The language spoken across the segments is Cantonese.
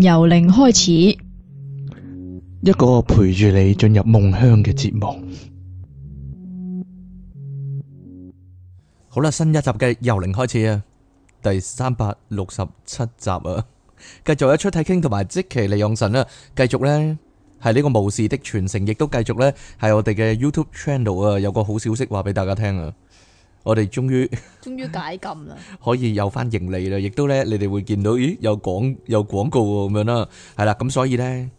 由零開始，一個陪住你進入夢鄉嘅節目。好啦，新一集嘅由零開始啊，第三百六十七集啊，繼續有出體傾同埋即其利用神啊。繼續咧係呢個巫士的傳承，亦都繼續咧係我哋嘅 YouTube channel 啊，有個好消息話俾大家聽啊！我哋終於終於解禁啦，可以有翻盈利啦，亦都咧，你哋會見到咦有廣有廣告咁樣啦，係啦，咁所以咧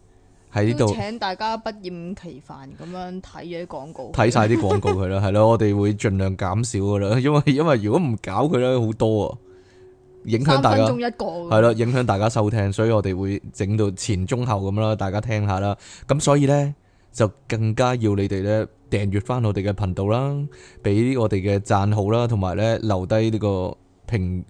喺呢度請大家不厭其煩咁樣睇啲廣告，睇晒啲廣告佢啦，係咯，我哋會盡量減少噶啦，因為因為如果唔搞佢咧好多啊，影響大家三分鐘一個係咯，影響大家收聽，所以我哋會整到前中後咁啦，大家聽下啦，咁所以咧就更加要你哋咧。訂閱翻我哋嘅頻道啦，俾我哋嘅讚好啦，同埋咧留低呢個評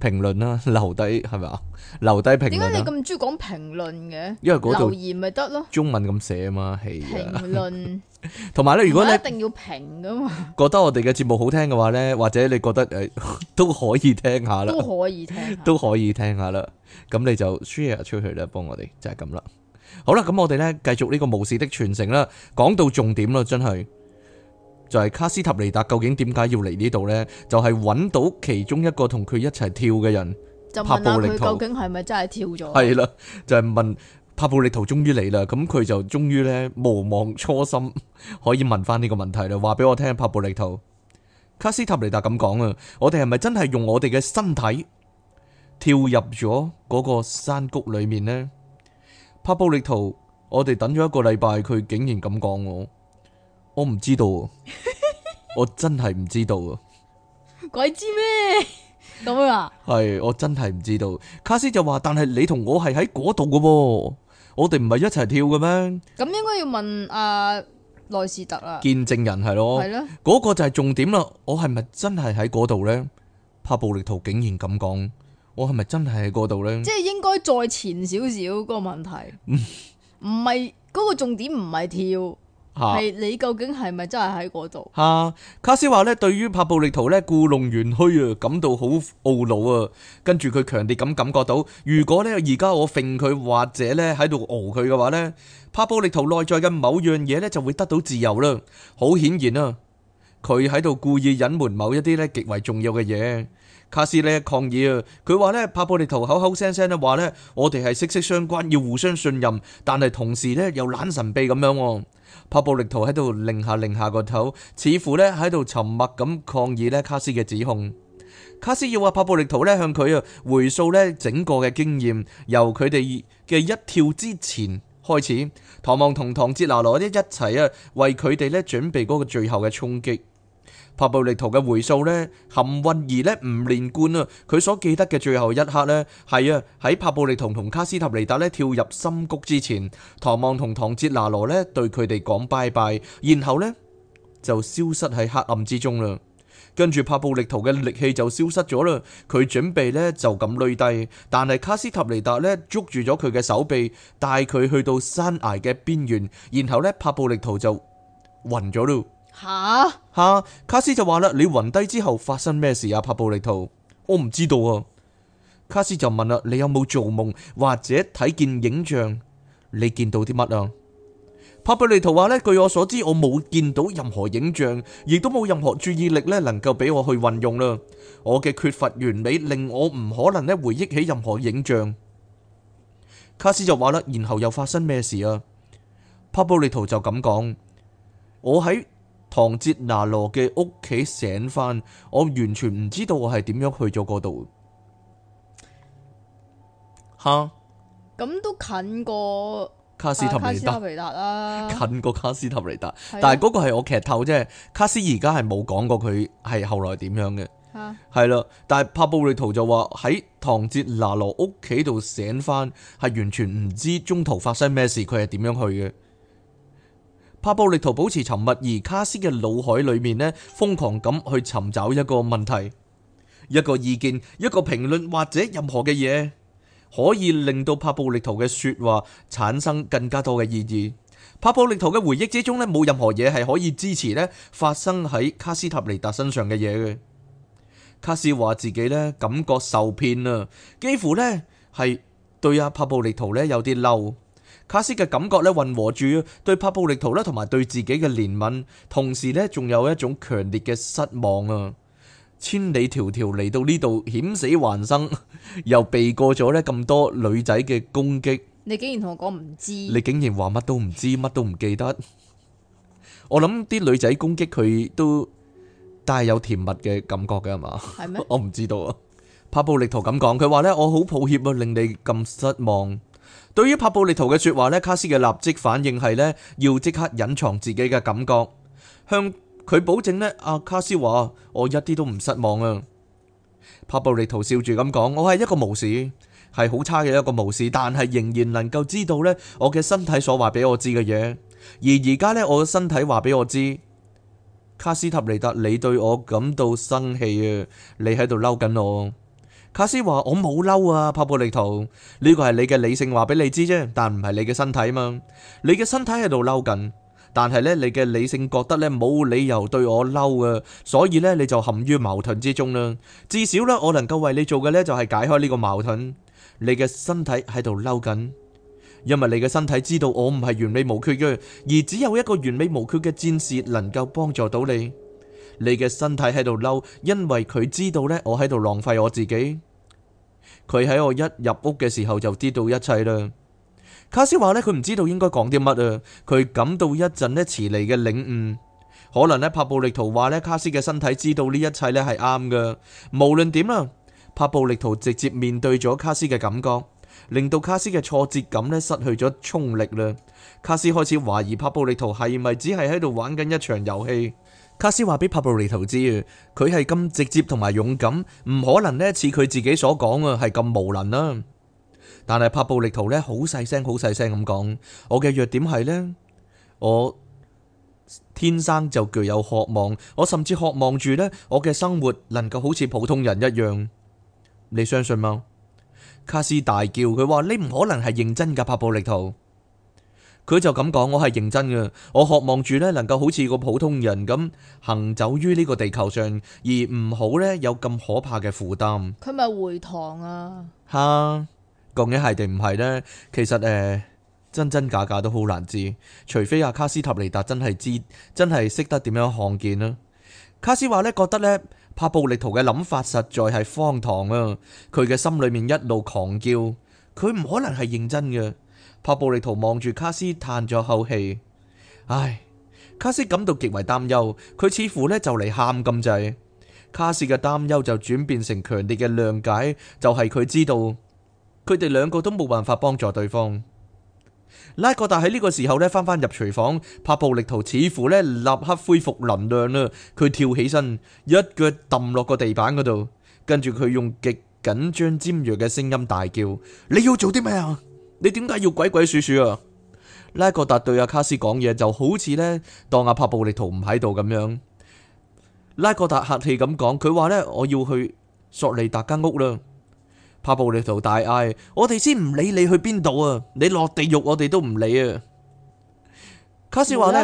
評論啦，留低係咪啊？留低評論。點解你咁中意講評論嘅？因為嗰度留言咪得咯。中文咁寫啊嘛，係評論。同埋咧，如果你一定要評噶嘛，覺得我哋嘅節目好聽嘅話咧，或者你覺得誒 都可以聽下啦，都可以聽，都可以聽下啦。咁你就 share 出去咧，幫我哋就係咁啦。好啦，咁我哋咧繼續呢、這個巫士的傳承啦，講到重點啦，真係就係、是、卡斯塔尼達究竟點解要嚟呢度呢？就係、是、揾到其中一個同佢一齊跳嘅人，帕布力圖究竟係咪真係跳咗？係啦，就係、是、問帕布力圖終於嚟啦，咁佢就終於咧無忘初心，可以問翻呢個問題啦。話俾我聽，帕布力圖，卡斯塔尼達咁講啊，我哋係咪真係用我哋嘅身體跳入咗嗰個山谷裏面呢？帕布力圖，我哋等咗一個禮拜，佢竟然咁講我，我唔知道，我真係唔知道，啊。鬼知咩？咁啊，係我真係唔知道。卡斯就話，但係你同我係喺嗰度嘅喎，我哋唔係一齊跳嘅咩？咁應該要問阿內斯特啦，見證人係咯，係咯的，嗰個就係重點啦。我係咪真係喺嗰度咧？帕布力圖竟然咁講。我係咪真係喺嗰度呢？即係應該再前少少嗰個問題，唔唔係嗰個重點，唔係跳，係 你究竟係咪真係喺嗰度？吓， 卡斯話咧，對於帕布力圖呢故弄玄虛啊，感到好懊惱啊。跟住佢強烈咁感，感覺到，如果呢而家我揈佢或者呢喺度敖佢嘅話呢，帕布力圖內在嘅某樣嘢呢就會得到自由啦。好顯然啊，佢喺度故意隱瞞某一啲呢極為重要嘅嘢。卡斯咧抗議啊！佢話咧，帕布力圖口口聲聲咧話咧，我哋係息息相關，要互相信任，但係同時咧又懶神秘咁樣喎。帕布力圖喺度擰下擰下個頭，似乎咧喺度沉默咁抗議咧卡斯嘅指控。卡斯要話帕布力圖咧向佢啊回溯咧整個嘅經驗，由佢哋嘅一跳之前開始。唐望同唐哲拿羅一一齊啊，為佢哋咧準備嗰個最後嘅衝擊。帕布力圖嘅回數呢，含混而呢唔連貫啊！佢所記得嘅最後一刻呢，係啊喺帕布力圖同卡斯塔尼達呢跳入深谷之前，唐望同唐哲拿羅呢對佢哋講拜拜，然後呢，就消失喺黑暗之中啦。跟住帕布力圖嘅力氣就消失咗啦，佢準備呢，就咁累低，但係卡斯塔尼達呢捉住咗佢嘅手臂，帶佢去到山崖嘅邊緣，然後呢，帕布力圖就暈咗啦。吓吓哈，卡斯就話啦，你暈低之後發生咩事啊？帕布利圖，我唔知道啊。卡斯就問啦，你有冇做夢或者睇見影像？你見到啲乜啊？帕布利圖話呢，據我所知，我冇見到任何影像，亦都冇任何注意力呢，能夠俾我去運用啦。我嘅缺乏完美令我唔可能呢，回憶起任何影像。卡斯就話啦，然後又發生咩事啊？帕布利圖就咁講，我喺唐哲拿羅嘅屋企醒翻，我完全唔知道我係點樣去咗嗰度。吓，咁都近過、啊、近過卡斯塔尼達啦，近過卡斯塔尼達，但係嗰個係我劇透啫。卡斯而家係冇講過佢係後來點樣嘅，係啦哈。但係帕布力圖就話喺唐哲拿羅屋企度醒翻，係完全唔知中途發生咩事，佢係點樣去嘅。帕布力圖保持沉默，而卡斯嘅腦海裏面呢，瘋狂咁去尋找一個問題、一個意見、一個評論或者任何嘅嘢，可以令到帕布力圖嘅說話產生更加多嘅意義。帕布力圖嘅回憶之中呢，冇任何嘢係可以支持呢發生喺卡斯塔尼達身上嘅嘢嘅。卡斯話自己呢感覺受騙啦，幾乎呢係對阿帕布力圖呢有啲嬲。卡斯嘅感覺咧，混和住對帕布力圖咧，同埋對自己嘅憐憫，同時咧，仲有一種強烈嘅失望啊！千里迢迢嚟到呢度，險死還生，又避過咗咧咁多女仔嘅攻擊。你竟然同我講唔知？你竟然話乜都唔知，乜都唔記得？我諗啲女仔攻擊佢都帶有甜蜜嘅感覺㗎係嘛？係咩？我唔知道啊！帕布力圖咁講，佢話咧，我好抱歉啊，令你咁失望。對於帕布利圖嘅說話咧，卡斯嘅立即反應係咧要即刻隱藏自己嘅感覺，向佢保證咧。阿、啊、卡斯話：我一啲都唔失望啊！帕布利圖笑住咁講：我係一個巫士，係好差嘅一個巫士，但係仍然能夠知道咧我嘅身體所話俾我知嘅嘢。而而家呢，我嘅身體話俾我知，卡斯塔尼達，你對我感到生氣啊！你喺度嬲緊我。卡斯話：我冇嬲啊，帕布力圖，呢個係你嘅理性話俾你知啫，但唔係你嘅身體嘛。你嘅身體喺度嬲緊，但係呢，你嘅理性覺得呢冇理由對我嬲啊，所以呢，你就陷於矛盾之中啦。至少呢，我能夠為你做嘅呢，就係解開呢個矛盾。你嘅身體喺度嬲緊，因為你嘅身體知道我唔係完美無缺嘅，而只有一個完美無缺嘅戰士能夠幫助到你。你嘅身體喺度嬲，因為佢知道呢，我喺度浪費我自己。佢喺我一入屋嘅時候就知道一切啦。卡斯話呢，佢唔知道應該講啲乜啊。佢感到一陣呢遲嚟嘅領悟，可能呢，帕布力圖話呢，卡斯嘅身體知道呢一切呢係啱噶。無論點啦，帕布力圖直接面對咗卡斯嘅感覺，令到卡斯嘅挫折感呢失去咗衝力啦。卡斯開始懷疑帕布力圖係咪只係喺度玩緊一場遊戲。卡斯話俾帕布利投知，佢係咁直接同埋勇敢，唔可能咧似佢自己所講啊，係咁無能啦。但係帕布利圖呢，好細聲，好細聲咁講，我嘅弱點係呢：我天生就具有渴望，我甚至渴望住呢，我嘅生活能夠好似普通人一樣。你相信嗎？卡斯大叫，佢話你唔可能係認真噶，帕布利圖。佢就咁講，我係認真嘅，我渴望住呢，能夠好似個普通人咁行走於呢個地球上，而唔好呢，有咁可怕嘅負擔。佢咪回堂啊？吓，究竟係定唔係呢？其實誒、呃，真真假假都好難知，除非阿、啊、卡斯塔尼達真係知，真係識得點樣看見啦。卡斯話呢，覺得呢，帕布力圖嘅諗法實在係荒唐啊！佢嘅心裏面一路狂叫，佢唔可能係認真嘅。帕布力圖望住卡斯，嘆咗口氣。唉，卡斯感到極為擔憂，佢似乎呢就嚟喊咁滯。卡斯嘅擔憂就轉變成強烈嘅諒解，就係佢知道佢哋兩個都冇辦法幫助對方。拉格達喺呢個時候呢，翻返入廚房，帕布力圖似乎呢立刻恢復能量啦，佢跳起身，一腳抌落個地板嗰度，跟住佢用極緊張尖銳嘅聲音大叫：你要做啲咩啊？你點解要鬼鬼祟祟啊？拉各達對阿卡斯講嘢就好似咧當阿帕布力圖唔喺度咁樣。拉各達客氣咁講，佢話呢，我要去索利達間屋啦。帕布力圖大嗌：我哋先唔理你去邊度啊！你落地獄我哋都唔理啊，啊！卡斯話呢？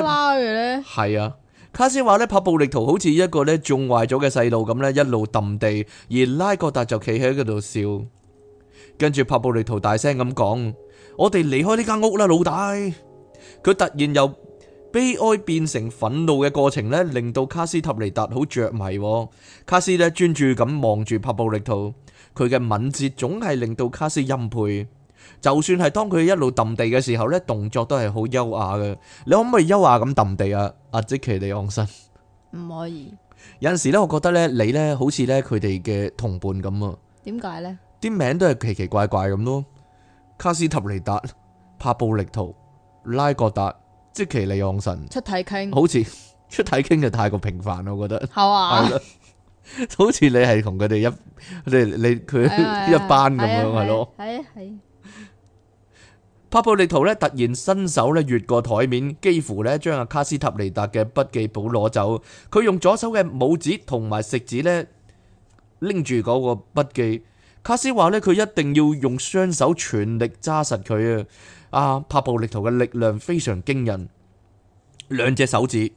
係啊，卡斯話呢？帕布力圖好似一個呢種壞咗嘅細路咁呢，一路揼地，而拉各達就企喺嗰度笑。跟住帕布力圖大聲咁講：我哋離開呢間屋啦，老大！佢突然由悲哀變成憤怒嘅過程咧，令到卡斯塔尼達好着迷。卡斯咧專注咁望住帕布力圖，佢嘅敏捷總係令到卡斯欽佩。就算係當佢一路揼地嘅時候咧，動作都係好優雅嘅。你可唔可以優雅咁揼地啊？阿即奇里昂森，唔可以。有陣時咧，我覺得咧，你咧好似咧佢哋嘅同伴咁啊？點解咧？啲名都係奇奇怪怪咁咯，卡斯塔尼達、帕布力圖、拉各達、即奇利昂神，出體傾，好似像 出體傾就太過平凡，我覺得係 啊，好似你係同佢哋一，佢哋你佢一班咁樣係咯，係啊係。帕布力圖咧突然伸手咧越過台面，幾乎咧將阿卡斯塔尼達嘅筆記簿攞走，佢用左手嘅拇指同埋食指咧拎住嗰個筆記。卡斯話咧，佢一定要用雙手全力揸實佢啊！啊，帕布力圖嘅力量非常驚人，兩隻手指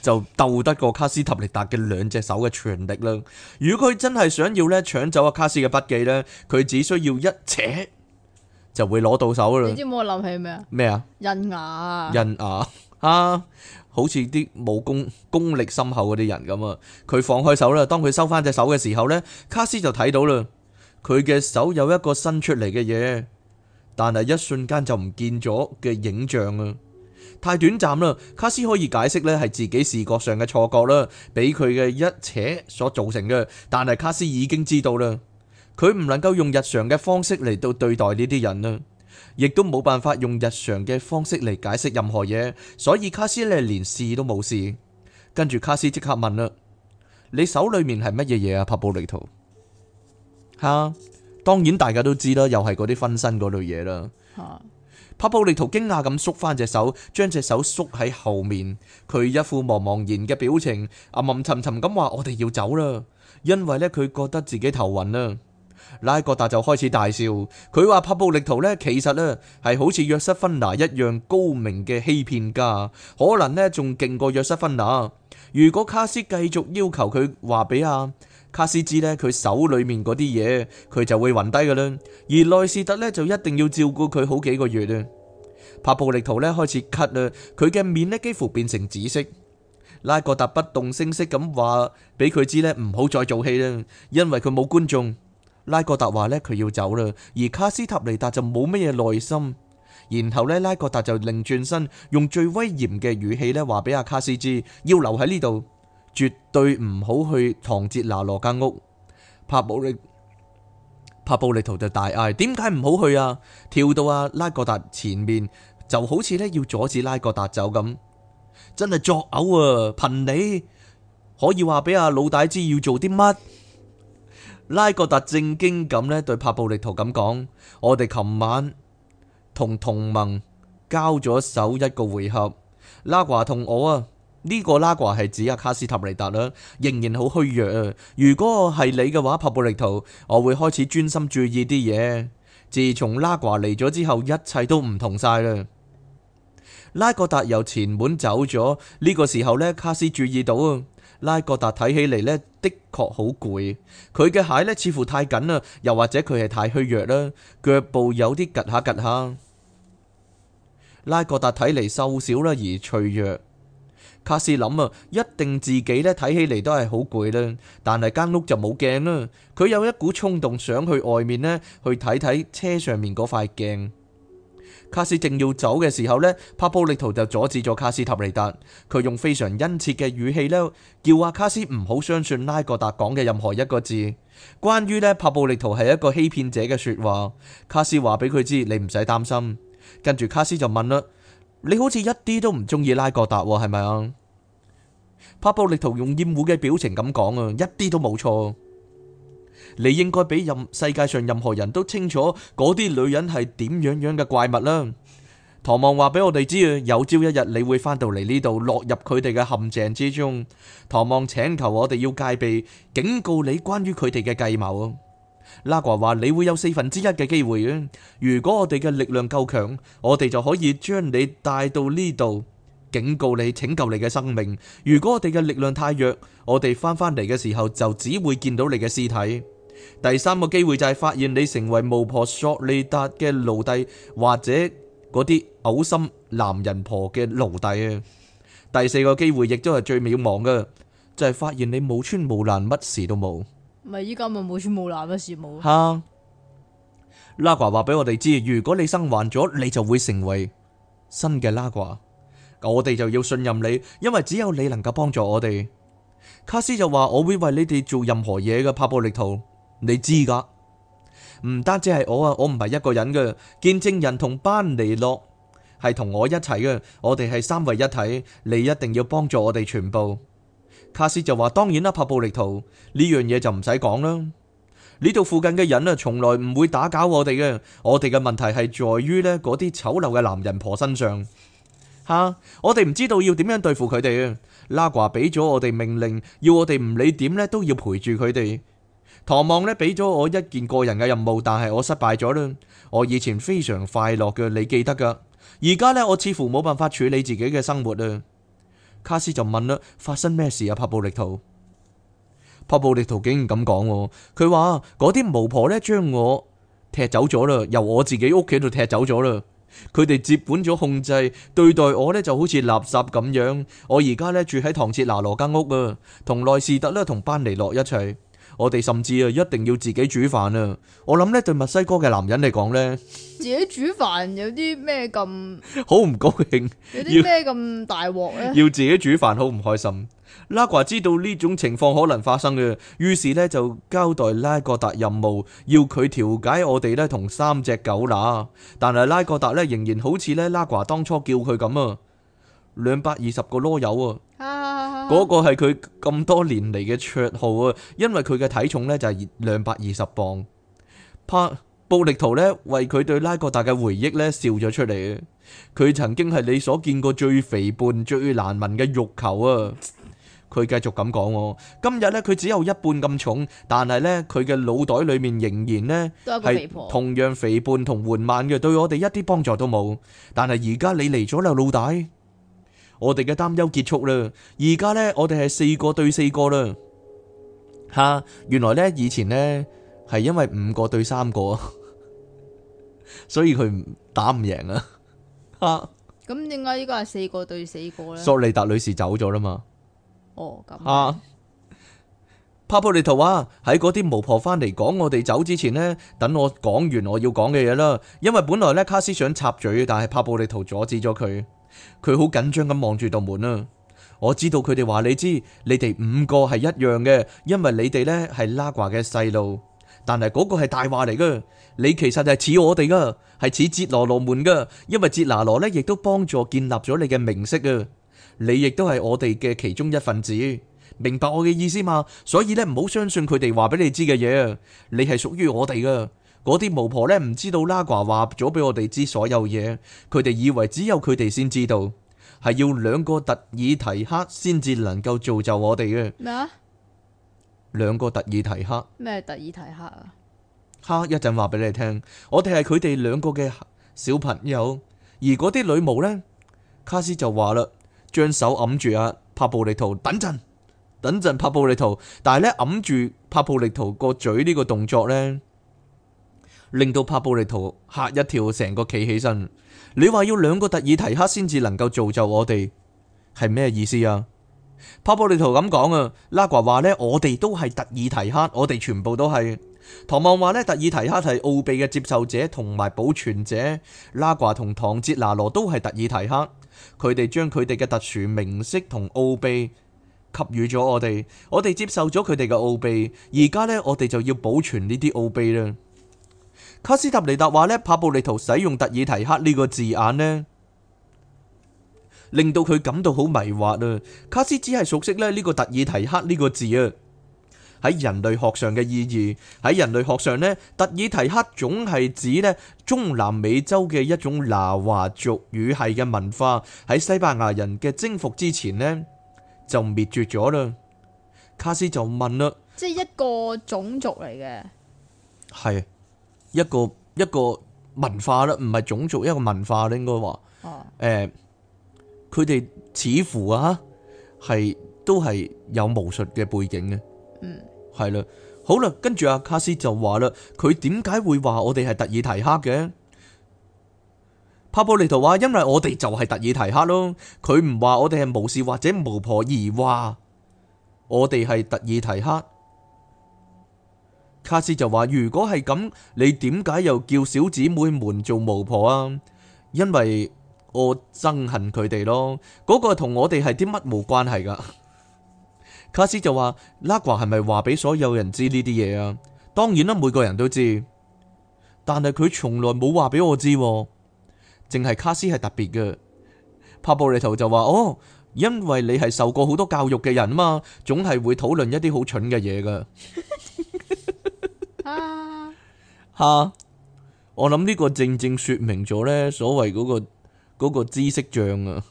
就鬥得過卡斯塔力達嘅兩隻手嘅全力啦。如果佢真係想要咧搶走阿卡斯嘅筆記咧，佢只需要一扯就會攞到手啦。你知冇？我諗起咩啊？咩啊？印牙啊！印牙啊！好似啲武功功力深厚嗰啲人咁啊！佢放開手啦，當佢收翻隻手嘅時候咧，卡斯就睇到啦。佢嘅手有一個伸出嚟嘅嘢，但係一瞬間就唔見咗嘅影像啊！太短暫啦，卡斯可以解釋呢係自己視覺上嘅錯覺啦，俾佢嘅一扯所造成嘅。但係卡斯已經知道啦，佢唔能夠用日常嘅方式嚟到對待呢啲人啦，亦都冇辦法用日常嘅方式嚟解釋任何嘢。所以卡斯呢連試都冇試。跟住卡斯即刻問啦：你手裏面係乜嘢嘢啊，帕布力圖？吓，當然大家都知啦，又係嗰啲分身嗰類嘢啦。吓哈，帕布力圖驚訝咁縮翻隻手，將隻手縮喺後面，佢一副茫茫然嘅表情，暗暗沉沉咁話：我哋要走啦，因為呢，佢覺得自己頭暈啦。拉哥達就開始大笑，佢話帕布力圖呢，其實呢係好似約瑟芬娜一樣高明嘅欺騙家，可能呢仲勁過約瑟芬娜。如果卡斯繼續要求佢話俾阿。卡斯茲呢，佢手裏面嗰啲嘢，佢就會暈低㗎啦。而內士特呢，就一定要照顧佢好幾個月啦。帕布力圖呢，開始咳啦，佢嘅面呢幾乎變成紫色。拉各達不動聲色咁話俾佢知呢，唔好再做戲啦，因為佢冇觀眾。拉各達話呢，佢要走啦。而卡斯塔尼達就冇乜嘢耐心。然後呢，拉各達就擰轉身，用最威嚴嘅語氣呢話俾阿卡斯茲要留喺呢度。絕對唔好去唐哲拿羅間屋，帕布力帕布力圖就大嗌，點解唔好去啊？跳到啊拉各達前面就好似呢要阻止拉各達走咁，真係作嘔啊！憑你可以話俾阿老大知要做啲乜？拉各達正經咁呢對帕布力圖咁講，我哋琴晚同同盟交咗手一個回合，拉華同我啊。呢個拉瓜係指阿卡斯塔尼達啦，仍然好虛弱。如果係你嘅話，帕布力圖，我會開始專心注意啲嘢。自從拉瓜嚟咗之後，一切都唔同晒啦。拉各達由前門走咗，呢、這個時候呢，卡斯注意到啊，拉各達睇起嚟呢，的確好攰，佢嘅鞋呢，似乎太緊啦，又或者佢係太虛弱啦，腳部有啲吉下吉下。拉各達睇嚟瘦小啦，而脆弱。卡斯諗啊，一定自己咧睇起嚟都係好攰啦，但係間屋就冇鏡啦。佢有一股衝動想去外面呢，去睇睇車上面嗰塊鏡。卡斯正要走嘅時候呢，帕布力圖就阻止咗卡斯塔尼達。佢用非常殷切嘅語氣呢，叫阿卡斯唔好相信拉格達講嘅任何一個字，關於呢，帕布力圖係一個欺騙者嘅說話。卡斯話俾佢知，你唔使擔心。跟住卡斯就問啦，你好似一啲都唔中意拉格達係咪啊？帕布力圖用厭惡嘅表情咁講啊，一啲都冇錯。你應該比任世界上任何人都清楚嗰啲女人係點樣樣嘅怪物啦。唐望話俾我哋知啊，有朝一日你會翻到嚟呢度，落入佢哋嘅陷阱之中。唐望請求我哋要戒備，警告你關於佢哋嘅計謀啊。拉瓜話你會有四分之一嘅機會嘅，如果我哋嘅力量夠強，我哋就可以將你帶到呢度。警告你，拯救你嘅生命。如果我哋嘅力量太弱，我哋翻返嚟嘅時候就只會見到你嘅屍體。第三個機會就係發現你成為巫婆索利達嘅奴隸，或者嗰啲嘔心男人婆嘅奴隸啊。第四個機會亦都係最渺茫嘅，就係、是、發現你冇穿冇爛乜事都冇。唔係依家咪冇穿冇爛乜事冇。吓、啊，拉呱話俾我哋知，如果你生還咗，你就會成為新嘅拉呱。我哋就要信任你，因為只有你能夠幫助我哋。卡斯就話：我會為你哋做任何嘢嘅，帕布力圖，你知噶。唔單止係我啊，我唔係一個人嘅，見證人同班尼洛係同我一齊嘅，我哋係三位一體，你一定要幫助我哋全部。卡斯就話：當然啦，帕布力圖，呢樣嘢就唔使講啦。呢度附近嘅人啊，從來唔會打攪我哋嘅，我哋嘅問題係在於呢嗰啲醜陋嘅男人婆身上。吓、啊！我哋唔知道要點樣對付佢哋啊！拉瓜俾咗我哋命令，要我哋唔理點咧都要陪住佢哋。唐望咧俾咗我一件個人嘅任務，但係我失敗咗啦。我以前非常快樂嘅，你記得噶？而家呢，我似乎冇辦法處理自己嘅生活啊！卡斯就問啦：發生咩事啊？帕布力圖，帕布力圖竟然咁講，佢話嗰啲巫婆咧將我踢走咗啦，由我自己屋企度踢走咗啦。佢哋接管咗控制，對待我呢就好似垃圾咁樣。我而家呢住喺唐切拿羅間屋啊，同內士特啦，同班尼諾一齊。我哋甚至啊，一定要自己煮飯啊。我諗呢對墨西哥嘅男人嚟講呢，自己煮飯有啲咩咁好唔高興？有啲咩咁大鑊咧？要自己煮飯，好唔開心。拉瓜知道呢種情況可能發生嘅，於是呢就交代拉各達任務，要佢調解我哋呢同三隻狗乸。但係拉各達呢仍然好似呢拉瓜當初叫佢咁啊，兩百二十個囉柚啊，嗰 個係佢咁多年嚟嘅綽號啊，因為佢嘅體重呢就係兩百二十磅。帕布力圖呢，為佢對拉各達嘅回憶呢笑咗出嚟，佢曾經係你所見過最肥胖、最難聞嘅肉球啊！佢繼續咁講，今日咧佢只有一半咁重，但係咧佢嘅腦袋裏面仍然咧係同樣肥胖同緩慢嘅，對我哋一啲幫助都冇。但係而家你嚟咗啦，老大，我哋嘅擔憂結束啦。而家咧我哋係四個對四個啦，吓，原來咧以前咧係因為五個對三個，所以佢打唔贏啦。吓，咁點解依家係四個對四個咧？索利達女士走咗啦嘛。吓、哦啊！帕布利圖啊，喺嗰啲巫婆翻嚟講我哋走之前呢，等我講完我要講嘅嘢啦。因為本來咧，卡斯想插嘴，但係帕布利圖阻止咗佢。佢好緊張咁望住道門啊。我知道佢哋話你知，你哋五個係一樣嘅，因為你哋呢係拉華嘅細路。但係嗰個係大話嚟噶，你其實就係似我哋噶，係似哲羅羅門噶，因為哲拿羅呢亦都幫助建立咗你嘅名色啊。你亦都係我哋嘅其中一份子，明白我嘅意思嘛？所以呢，唔好相信佢哋話俾你知嘅嘢。你係屬於我哋噶，嗰啲巫婆呢，唔知道拉瓜話咗俾我哋知所有嘢，佢哋以為只有佢哋先知道，係要兩個特爾提克先至能夠造就我哋嘅。咩啊？兩個特爾提克咩？特爾提克啊！哈！一陣話俾你聽，我哋係佢哋兩個嘅小朋友，而嗰啲女巫呢，卡斯就話啦。將手揞住啊，帕布力圖，等陣，等陣，帕布力圖。但係咧揞住帕布力圖個嘴呢個動作呢，令到帕布力圖吓一跳，成個企起身。你話要兩個特爾提克先至能夠造就我哋，係咩意思啊？帕布力圖咁講啊。拉瓜話呢，我哋都係特爾提克，我哋全部都係。唐望話呢，特爾提克係奧秘嘅接受者同埋保存者，拉瓜同唐哲拿羅都係特爾提克。佢哋將佢哋嘅特殊名式同奧秘給予咗我哋，我哋接受咗佢哋嘅奧秘，而家呢，我哋就要保存呢啲奧秘啦。卡斯塔尼達話呢，帕布力圖使用特爾提克呢個字眼呢，令到佢感到好迷惑啊。卡斯只係熟悉咧呢個特爾提克呢個字啊。喺人類學上嘅意義，喺人類學上呢，特爾提克總係指咧中南美洲嘅一種拿華族語系嘅文化，喺西班牙人嘅征服之前呢，就滅絕咗啦。卡斯就問啦，即係一個種族嚟嘅，係一個一個文化啦，唔係種族，一個文化啦，應該話，誒、哦，佢哋、欸、似乎啊係都係有巫術嘅背景嘅，嗯。係啦，好啦，跟住阿卡斯就話啦，佢點解會話我哋係特爾提克嘅？帕布利圖話：因為我哋就係特爾提克咯。佢唔話我哋係巫士或者巫婆，而話我哋係特爾提克。卡斯就話：如果係咁，你點解又叫小姊妹們做巫婆啊？因為我憎恨佢哋咯。嗰個同我哋係啲乜冇關係噶。卡斯就話：拉瓜係咪話俾所有人知呢啲嘢啊？當然啦，每個人都知，但係佢從來冇話俾我知，淨係卡斯係特別嘅。帕布力圖就話：哦，因為你係受過好多教育嘅人啊嘛，總係會討論一啲好蠢嘅嘢噶。吓，我諗呢個正正說明咗呢所謂嗰、嗰個、嗰個嗰個知識障啊。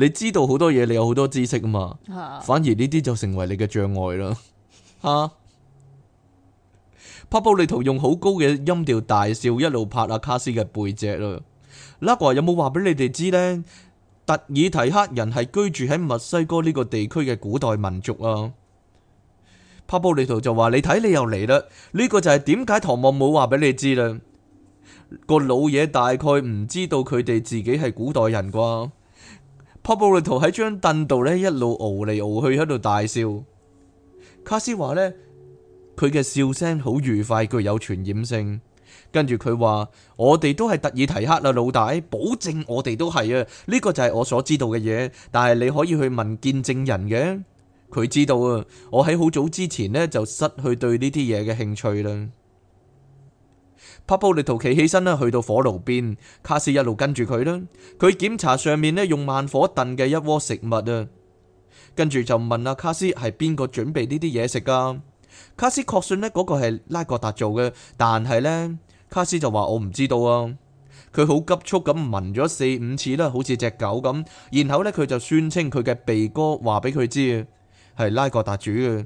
你知道好多嘢，你有好多知識啊嘛，反而呢啲就成為你嘅障礙啦。哈、 啊！帕布力圖用好高嘅音調大笑，一路拍阿卡斯嘅背脊咯。拉華有冇話俾你哋知呢？特爾提克人係居住喺墨西哥呢個地區嘅古代民族啊。帕布力圖就話：你睇你又嚟啦，呢、呢個就係點解唐望冇話俾你知啦。個老嘢大概唔知道佢哋自己係古代人啩。帕布力圖喺張凳度咧一路熬嚟熬去喺度大笑。卡斯話呢佢嘅笑聲好愉快，具有傳染性。跟住佢話：我哋都係特爾提克啊，老大，保證我哋都係啊。呢、這個就係我所知道嘅嘢，但係你可以去問見證人嘅。佢知道啊，我喺好早之前呢就失去對呢啲嘢嘅興趣啦。帕布力圖企起身啦，去到火爐邊，卡斯一路跟住佢啦。佢檢查上面咧用慢火燉嘅一鍋食物啊，跟住就問阿卡斯係邊個準備呢啲嘢食噶？卡斯確信咧嗰個係拉各達做嘅，但係呢，卡斯就話我唔知道啊。佢好急速咁聞咗四五次啦，好似隻狗咁，然後呢，佢就宣稱佢嘅鼻哥話俾佢知係拉各達煮嘅。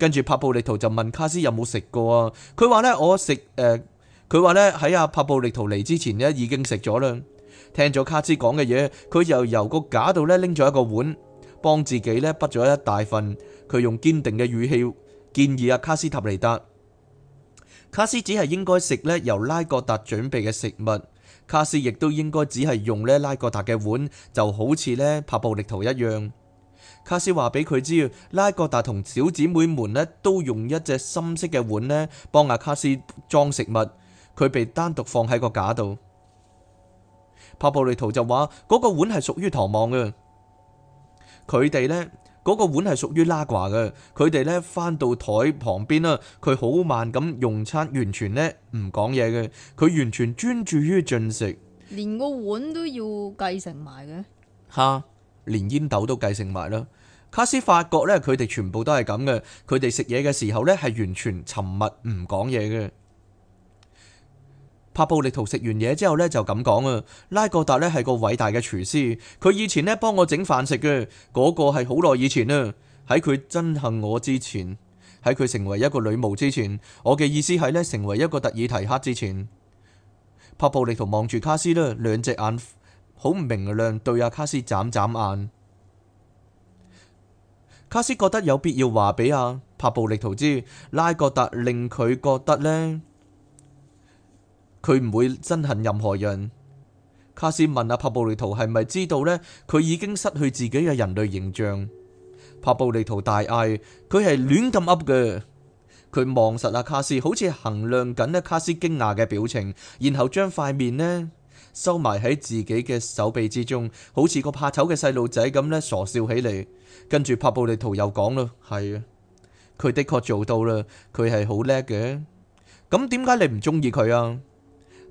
跟住帕布力圖就問卡斯有冇食過啊？佢話呢，呃「我食誒，佢話呢，喺阿帕布力圖嚟之前呢已經食咗啦。聽咗卡斯講嘅嘢，佢又由個架度咧拎咗一個碗，幫自己呢滗咗一大份。佢用堅定嘅語氣建議阿卡斯塔尼達，卡斯只係應該食呢由拉各達準備嘅食物，卡斯亦都應該只係用呢拉各達嘅碗，就好似呢帕布力圖一樣。卡斯話俾佢知，拉格達同小姐妹們呢都用一隻深色嘅碗呢，幫阿卡斯裝食物。佢被單獨放喺個架度。帕布力圖就話：嗰個碗係屬於唐望嘅。佢哋呢，嗰個碗係屬於拉瓜嘅。佢哋呢，翻到台旁邊啦，佢好慢咁用餐，完全呢唔講嘢嘅，佢完全專注於進食。連個碗都要繼承埋嘅？吓。連煙斗都繼承埋啦。卡斯發覺呢，佢哋全部都係咁嘅。佢哋食嘢嘅時候呢，係完全沉默唔講嘢嘅。帕布力圖食完嘢之後呢，就咁講啊。拉各達呢係個偉大嘅廚師，佢以前呢幫我整飯食嘅。嗰個係好耐以前啦，喺佢憎恨我之前，喺佢成為一個女巫之前，我嘅意思係呢，成為一個特爾提克之前。帕布力圖望住卡斯呢兩隻眼。好唔明亮，對阿、啊、卡斯眨，眨眨眼。卡斯覺得有必要話俾阿帕布力圖知，拉格達令佢覺得呢，佢唔會憎恨任何人。卡斯問阿、啊、帕布力圖係咪知道呢？佢已經失去自己嘅人類形象。帕布力圖大嗌：佢係亂咁噏嘅。佢望實阿卡斯，好似衡量緊咧、啊、卡斯驚訝嘅表情，然後將塊面呢。收埋喺自己嘅手臂之中，好似個怕醜嘅細路仔咁呢，傻笑起嚟。跟住，帕布力圖又講咯，係啊，佢的確做到啦，佢係好叻嘅。咁點解你唔中意佢啊？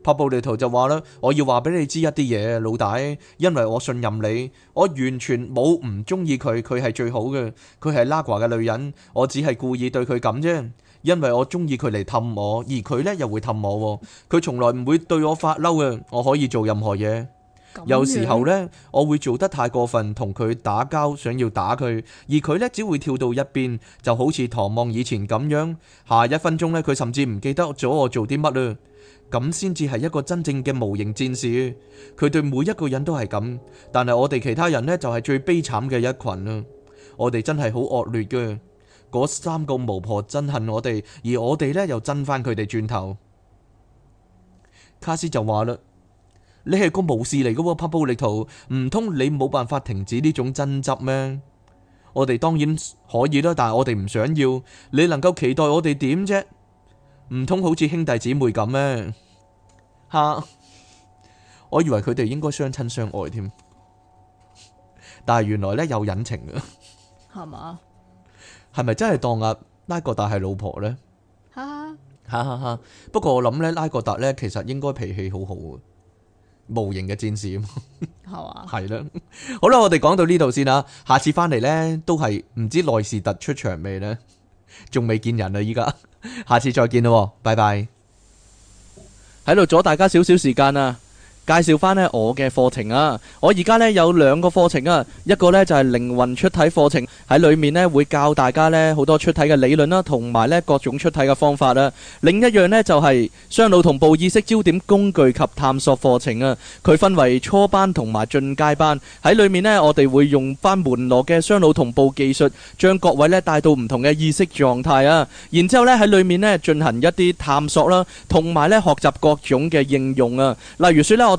帕布力圖就話啦，我要話俾你知一啲嘢，老大，因為我信任你，我完全冇唔中意佢，佢係最好嘅，佢係拉瓜嘅女人，我只係故意對佢咁啫。因為我中意佢嚟氹我，而佢呢又會氹我。佢從來唔會對我發嬲嘅，我可以做任何嘢。言有時候呢，我會做得太過分，同佢打交，想要打佢，而佢呢只會跳到一邊，就好似唐望以前咁樣。下一分鐘呢，佢甚至唔記得咗我做啲乜啦。咁先至係一個真正嘅無形戰士。佢對每一個人都係咁，但係我哋其他人呢，就係、是、最悲慘嘅一群啦。我哋真係好惡劣嘅。嗰三個巫婆憎恨我哋，而我哋呢又憎翻佢哋轉頭。卡斯就話嘞：「你係個無事嚟噶、啊，帕布力圖，唔通你冇辦法停止呢種爭執咩？我哋當然可以啦，但係我哋唔想要。你能夠期待我哋點啫？唔通好似兄弟姐妹咁咩？吓、啊，我以為佢哋應該相親相愛添，但係原來呢有隱情噶，係嘛？係咪真係當阿拉格達係老婆呢？哈哈哈！不過我諗呢，拉格達呢其實應該脾氣好好嘅，無形嘅戰士係嘛？係啦， 好啦，我哋講到呢度先啦，下次翻嚟呢，都係唔知內士特出場未呢？仲未見人啊依家，下次再見咯，拜拜！喺度阻大家少少時間啊！介紹翻呢我嘅課程啊！我而家呢有兩個課程啊，一個呢就係靈魂出體課程，喺裏面呢會教大家呢好多出體嘅理論啦，同埋呢各種出體嘅方法啊。另一樣呢就係雙腦同步意識焦點工具及探索課程啊。佢分為初班同埋進階班，喺裏面呢我哋會用翻門羅嘅雙腦同步技術，將各位呢帶到唔同嘅意識狀態啊。然之後呢喺裏面呢進行一啲探索啦，同埋呢學習各種嘅應用啊。例如説呢我，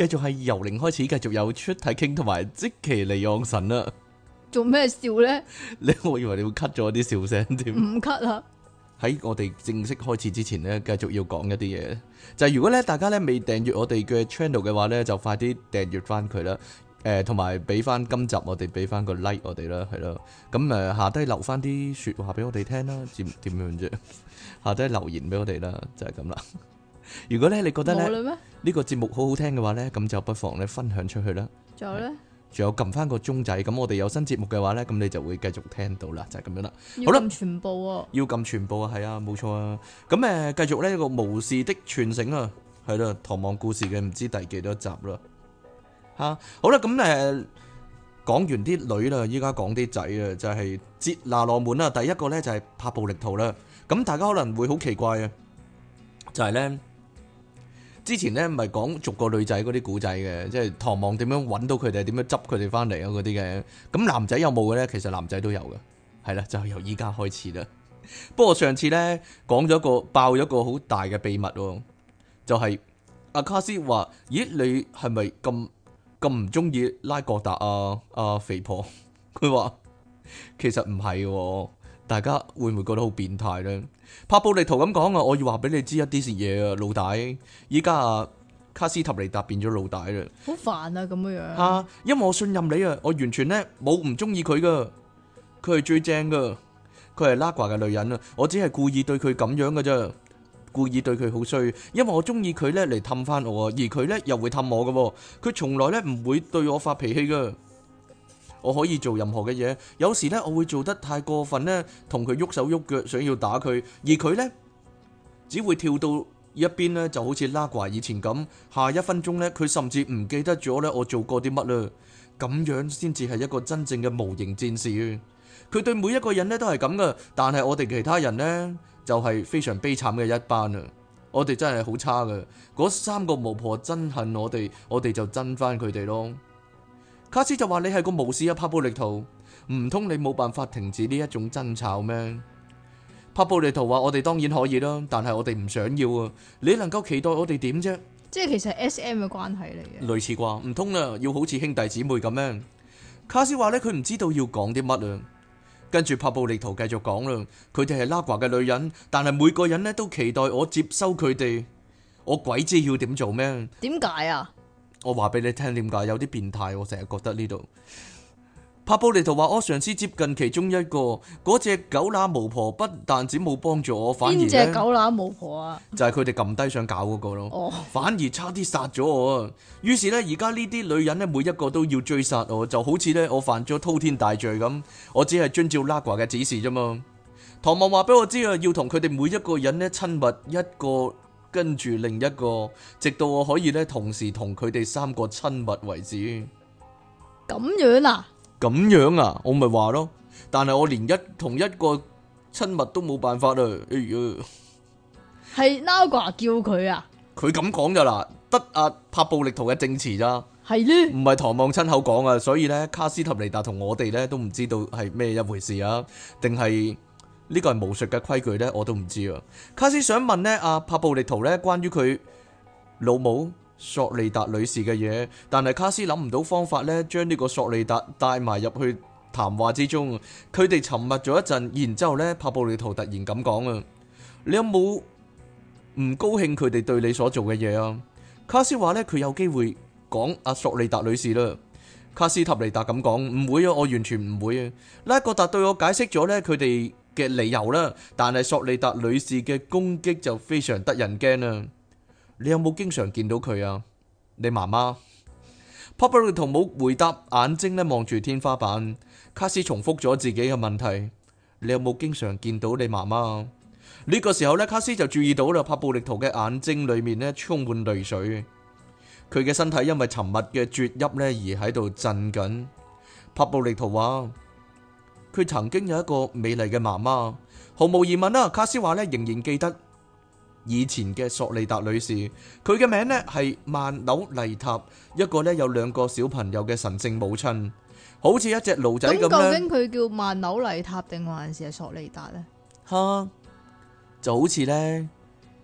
繼續係由零開始，繼續有出體傾同埋即其利用神啦。做咩笑咧？你 我以為你會 cut 咗啲笑聲添，唔 cut 啦。喺我哋正式開始之前咧，繼續要講一啲嘢。就係，如果咧大家咧未訂閱我哋嘅 channel 嘅話咧，就快啲訂閱翻佢啦。誒、呃，同埋俾翻今集我哋俾翻個 like 我哋啦，係咯。咁誒下低留翻啲說話俾我哋聽啦，點點樣啫？下低留，留言俾我哋啦，就係咁啦。如果咧你覺得咧呢個節目好好聽嘅話咧，咁就不妨咧分享出去啦。仲有咧？仲有撳翻個鐘仔，咁我哋有新節目嘅話咧，咁你就會繼續聽到啦，就係、是、咁樣啦。好啦，要撳全部啊？要撳全部啊？係啊，冇錯啊。咁、嗯、誒，繼續咧個巫士的傳承啊，係啦、啊，唐望故事嘅唔知第幾多集啦。吓、啊，好啦，咁、嗯、誒，講完啲女啦，依家講啲仔啊，就係《劫拿羅門》啊，第一個咧就係、是、帕布力圖啦。咁大家可能會好奇怪啊，就係、是、咧。之前咧唔係講逐個女仔嗰啲古仔嘅，即係唐望點樣揾到佢哋，點樣執佢哋翻嚟啊嗰啲嘅。咁男仔有冇嘅咧？其實男仔都有嘅。係啦，就係由依家開始啦。 不過上次咧講咗個爆咗個好大嘅秘密、哦，就係、是、阿卡斯話：咦，你係咪咁咁唔中意拉國達啊？阿、啊、肥婆佢話 其實唔係、哦，大家會唔會覺得好變態咧？帕布力圖咁講啊！我要話俾你知一啲事嘢啊，老大。依家啊，卡斯塔尼達變咗老大啦。好煩啊，咁樣樣啊，因為我信任你啊，我完全咧冇唔中意佢噶，佢係最正噶，佢係拉瓜嘅女人啊，我只係故意對佢咁樣噶啫，故意對佢好衰，因為我中意佢咧嚟氹翻我啊，而佢咧又會氹我噶，佢從來咧唔會對我發脾氣噶。我可以做任何嘅嘢，有時咧我會做得太過分咧，同佢喐手喐腳，想要打佢，而佢呢，只會跳到一邊咧，就好似拉瓜以前咁。下一分鐘咧，佢甚至唔記得咗咧我做過啲乜啦。咁樣先至係一個真正嘅模型戰士！佢對每一個人咧都係咁噶，但係我哋其他人呢，就係非常悲慘嘅一班啊！我哋真係好差噶，嗰三個巫婆憎恨我哋，我哋就憎翻佢哋咯。卡斯就話你係個無恥啊，帕布力圖，唔通你冇辦法停止呢一種爭吵咩？帕布力圖話我哋當然可以啦，但係我哋唔想要啊！你能夠期待我哋點啫？即係其實 SM 嘅關係嚟嘅，類似啩？唔通啊，要好似兄弟姊妹咁樣？卡斯話咧，佢唔知道要講啲乜啊！跟住帕布力圖繼續講啦，佢哋係拉呱嘅女人，但係每個人咧都期待我接收佢哋，我鬼知要點做咩？點解啊？我話俾你聽點解有啲變態，我成日覺得呢度。帕布力圖話，我嘗試接近其中一個，嗰隻狗乸巫婆不但止冇幫助我，反而隻狗乸巫婆啊？就係佢哋撳低想搞嗰，那個咯。反而差啲殺咗我。於是呢，而家呢啲女人呢，每一個都要追殺我，就好似呢，我犯咗滔天大罪咁。我只係遵照拉瓜嘅指示啫嘛。唐望話俾我知啊，要同佢哋每一個人呢，親密一個。跟住另一個，直到我可以咧同時同佢哋三個親密為止。咁樣啊？咁樣啊？我咪話咯，但係我連一同一個親密都冇辦法喇！哎喲，係拉瓜叫佢啊，佢咁講就喇，得阿帕布力圖嘅證詞咋？係咧，唔係唐望親口講啊，所以咧卡斯塔尼達同我哋咧都唔知道係咩一回事啊，定係。呢個係巫術嘅規矩呢，我都唔知啊。卡斯想問呢阿帕布利圖呢關於佢老母索利達女士嘅嘢，但係卡斯諗唔到方法呢將呢個索利達帶埋入去談話之中。佢哋沉默咗一陣，然之後呢，帕布利圖突然咁講啊：你有冇唔高興佢哋對你所做嘅嘢啊？卡斯話呢，佢有機會講阿索利達女士啦。卡斯塔利達咁講：唔會啊，我完全唔會啊。拉格達對我解釋咗呢佢哋。嘅理由啦，但係索利達女士嘅攻擊就非常得人驚啦。你有冇經常見到佢啊？你媽媽？帕布力圖冇回答，眼睛呢望住天花板。卡斯重複咗自己嘅問題：你有冇經常見到你媽媽？呢個時候咧，卡斯就注意到啦，帕布力圖嘅眼睛裏面咧充滿淚水，佢嘅身體因為沉默嘅啜泣咧而喺度震緊。帕布力圖話。佢曾經有一個美麗嘅媽媽，毫無疑問啦。卡斯話咧仍然記得以前嘅索利達女士，佢嘅名咧係曼紐麗塔，一個咧有兩個小朋友嘅神聖母親，好似一隻驢仔咁樣。咁究竟佢叫曼紐麗塔定還是係索利達咧？吓，就好似咧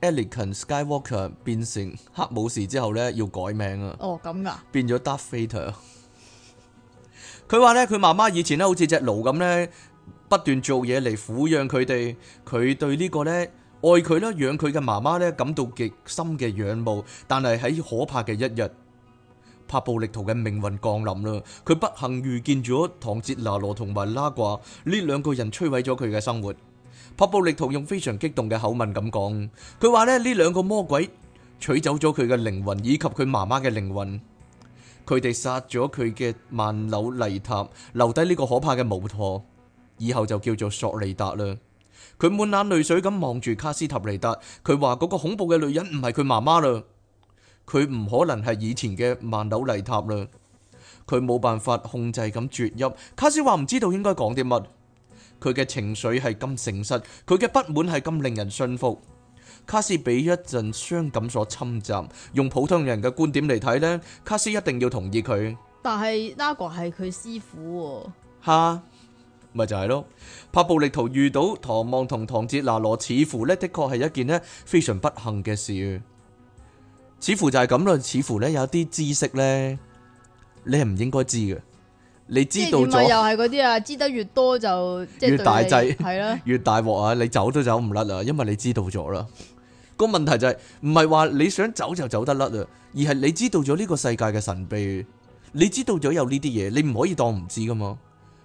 ，Anakin Skywalker 變成黑武士之後咧要改名啊！哦，咁噶，變咗 Darth Vader 啊！佢話咧，佢媽媽以前咧，好似隻爐咁咧，不斷做嘢嚟撫養佢哋。佢對呢個咧愛佢啦，養佢嘅媽媽咧，感到極深嘅仰慕。但係喺可怕嘅一日，帕布力圖嘅命運降臨啦。佢不幸遇見咗唐哲拿羅同埋拉掛呢兩個人，摧毀咗佢嘅生活。帕布力圖用非常激動嘅口吻咁講：佢話咧呢兩個魔鬼取走咗佢嘅靈魂以及佢媽媽嘅靈魂。佢哋殺咗佢嘅萬紐麗塔，留低呢個可怕嘅巫陀，以後就叫做索利達啦。佢滿眼淚水咁望住卡斯塔尼達，佢話嗰個恐怖嘅女人唔係佢媽媽啦，佢唔可能係以前嘅萬紐麗塔啦，佢冇辦法控制咁啜泣。卡斯話唔知道應該講啲乜，佢嘅情緒係咁誠實，佢嘅不滿係咁令人信服。卡斯被一陣傷感所侵襲，用普通人嘅觀點嚟睇呢，卡斯一定要同意佢。但係拉格係佢師傅吓、哦，咪就係、是、咯。帕布力圖遇到唐望同唐哲拿羅，似乎呢，的確係一件咧非常不幸嘅事。似乎就係咁咯，似乎呢有啲知識呢，你係唔應該知嘅。你知道咗又係嗰啲啊？知得越多就越大劑， 越大鑊啊！你走都走唔甩啊，因為你知道咗啦。個問題就係唔係話你想走就走得甩啊，而係你知道咗呢個世界嘅神秘，你知道咗有呢啲嘢，你唔可以當唔知噶嘛，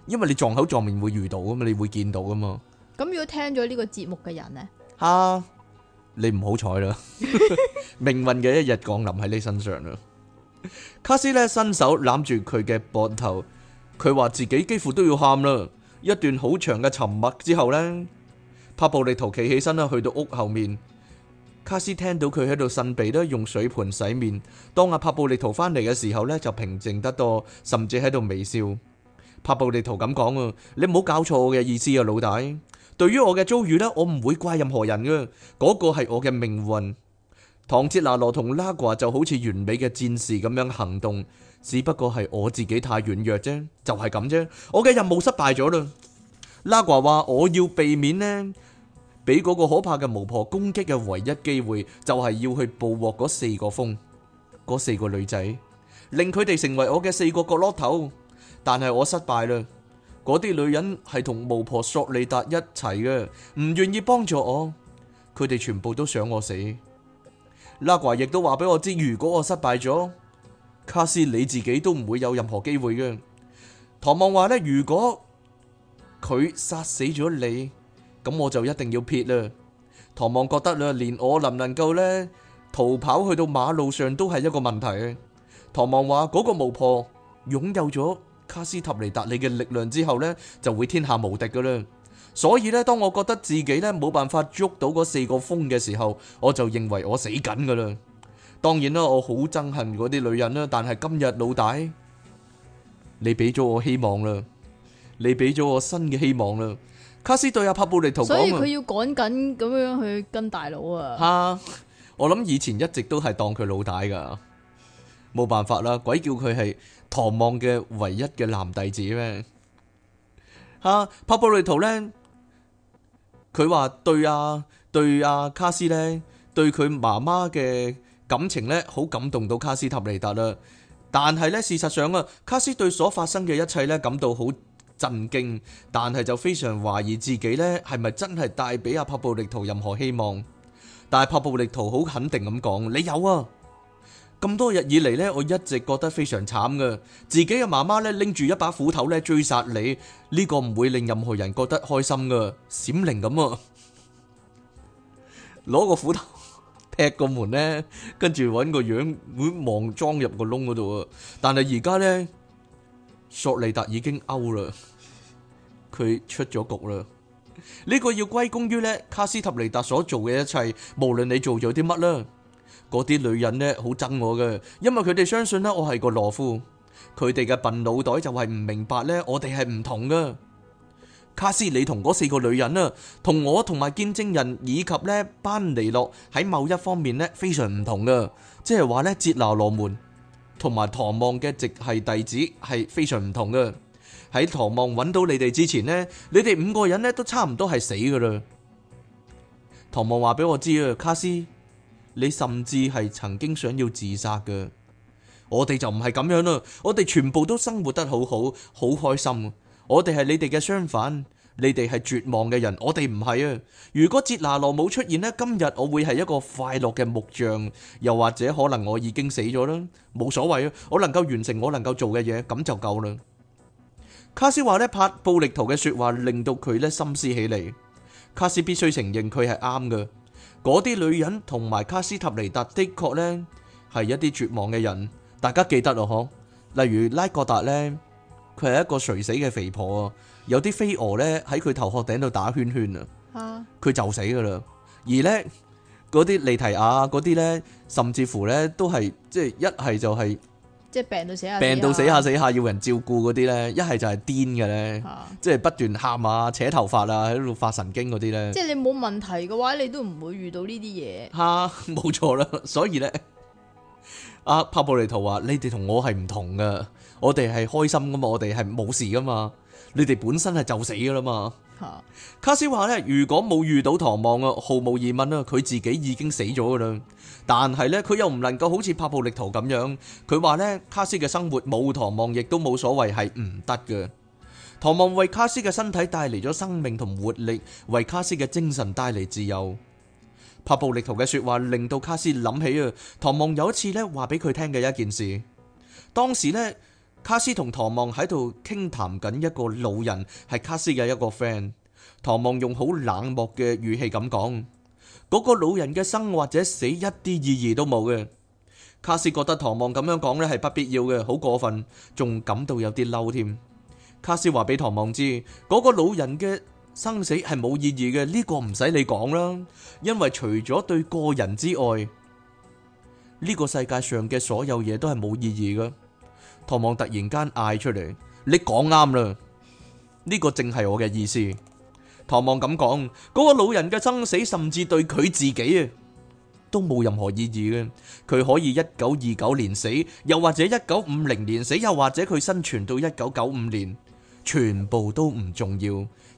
因為你撞口撞面會遇到噶嘛，你會見到噶嘛。咁如果聽咗呢個節目嘅人呢，吓、啊、你唔好彩啦，命運嘅一日降臨喺你身上啦。 卡斯咧伸手攬住佢嘅膊頭，佢話自己幾乎都要喊啦。一段好長嘅沉默之後呢，帕布力圖企起身啦，去到屋後面。卡斯聽到佢喺度擤鼻咧，用水盆洗面。當阿帕布力圖翻嚟嘅時候咧，就平靜得多，甚至喺度微笑。帕布力圖咁講啊，你唔好搞錯我嘅意思啊，老大。對於我嘅遭遇咧，我唔會怪任何人噶。嗰個係我嘅命運。唐哲拿羅同拉瓜就好似完美嘅戰士咁樣行動，只不過係我自己太軟弱啫，就係咁啫。我嘅任務失敗咗啦。拉瓜話：我要避免咧。俾嗰個可怕嘅巫婆攻擊嘅唯一機會，就係要去捕獲嗰四個風，嗰四個女仔，令佢哋成為我嘅四個角落頭。但係我失敗啦，嗰啲女人係同巫婆索利達一齊嘅，唔願意幫助我，佢哋全部都想我死。拉華亦都話俾我知，如果我失敗咗，卡斯你自己都唔會有任何機會嘅。唐望話呢，如果佢殺死咗你。咁我就一定要撇啦。唐望覺得啦，連我能唔能夠咧逃跑去到馬路上都係一個問題。唐望話：嗰個巫婆擁有咗卡斯塔尼達裏嘅力量之後咧，就會天下無敵噶啦。所以咧，當我覺得自己咧冇辦法捉到嗰四個風嘅時候，我就認為我死緊噶啦。當然啦，我好憎恨嗰啲女人啦。但係今日老大，你俾咗我希望啦，你俾咗我新嘅希望啦。卡斯對阿帕布利圖講，所以佢要趕緊咁樣去跟大佬啊！吓，我諗以前一直都係當佢老大噶，冇辦法啦，鬼叫佢係唐望嘅唯一嘅男弟子咩？吓，帕布利圖咧，佢話對啊對啊卡斯咧，對佢媽媽嘅感情咧，好感動到卡斯塔尼達啦。但係咧，事實上啊，卡斯對所發生嘅一切咧，感到好。震驚，但係就非常懷疑自己呢，係咪真係帶俾阿帕布力圖任何希望？但係帕布力圖好肯定咁講：你有啊！咁多日以嚟呢，我一直覺得非常慘噶，自己嘅媽媽呢，拎住一把斧頭呢追殺你，呢個唔會令任何人覺得開心噶，閃靈咁啊！攞個斧頭劈個門呢，跟住搵個樣會望裝入個窿嗰度啊！但係而家呢，索利達已經歐啦。佢出咗局啦！呢個要歸功於呢卡斯塔尼達所做嘅一切，無論你做咗啲乜啦，嗰啲女人呢，好憎我嘅，因為佢哋相信呢，我係個懦夫，佢哋嘅笨腦袋就係唔明白呢，我哋係唔同噶卡斯，你同嗰四個女人啊，同我同埋見證人以及呢班尼諾喺某一方面呢，非常唔同噶即係話呢，傑拿羅門同埋唐望嘅直系弟子係非常唔同噶喺唐望揾到你哋之前呢，你哋五個人呢都差唔多係死噶啦。唐望話俾我知啊，卡斯，你甚至係曾經想要自殺噶。我哋就唔係咁樣啦，我哋全部都生活得好好，好開心。我哋係你哋嘅相反，你哋係絕望嘅人，我哋唔係啊。如果捷拿羅冇出現呢，今日我會係一個快樂嘅木匠，又或者可能我已經死咗啦，冇所謂啊，我能夠完成我能夠做嘅嘢，咁就夠啦。卡斯話咧帕布力圖嘅說話，令到佢咧深思起嚟。卡斯必須承認佢係啱嘅。嗰啲女人同埋卡斯塔尼達的確咧係一啲絕望嘅人。大家記得咯，嗬。例如拉格達咧，佢係一個垂死嘅肥婆啊，有啲飛蛾咧喺佢頭殼頂度打圈圈啊。佢就死噶啦。而咧嗰啲利提亞嗰啲咧，甚至乎咧都係即係一係就係、是。即係病到死下死下，死下，死下要人照顧嗰啲咧，一係就係癲嘅咧，啊、即係不斷喊啊、扯頭髮啊，喺度發神經嗰啲咧。即係你冇問題嘅話，你都唔會遇到呢啲嘢。吓，冇錯啦，所以咧，阿帕布利圖話、啊：你哋同我係唔同噶，我哋係開心噶嘛，我哋係冇事噶嘛，你哋本身係就死噶啦嘛。卡斯話咧：如果冇遇到唐望啊，毫無疑問啦，佢自己已經死咗噶啦。但係呢，佢又唔能夠好似帕布力圖咁樣。佢話呢，卡斯嘅生活冇唐望亦都冇所謂，係唔得嘅。唐望為卡斯嘅身體帶嚟咗生命同活力，為卡斯嘅精神帶嚟自由。帕布力圖嘅說話令到卡斯諗起啊，唐望有一次呢話俾佢聽嘅一件事。當時呢，卡斯同唐望喺度傾談緊一個老人，係卡斯嘅一個 friend。唐望用好冷漠嘅語氣咁講。嗰個老人嘅生或者死一啲意義都冇嘅，卡斯覺得唐望咁樣講呢係不必要嘅，好過分，仲感到有啲嬲添。卡斯話俾唐望知，嗰個老人嘅生死係冇意義嘅，呢個唔使你講啦，因為除咗對個人之外，呢個世界上嘅所有嘢都係冇意義噶。唐望突然間嗌出嚟：你講啱啦，呢個正係我嘅意思。唐望咁講，嗰個老人嘅生死，甚至對佢自己啊，都冇任何意義嘅。佢可以一九二九年死，又或者一九五零年死，又或者佢生存到一九九五年，全部都唔重要，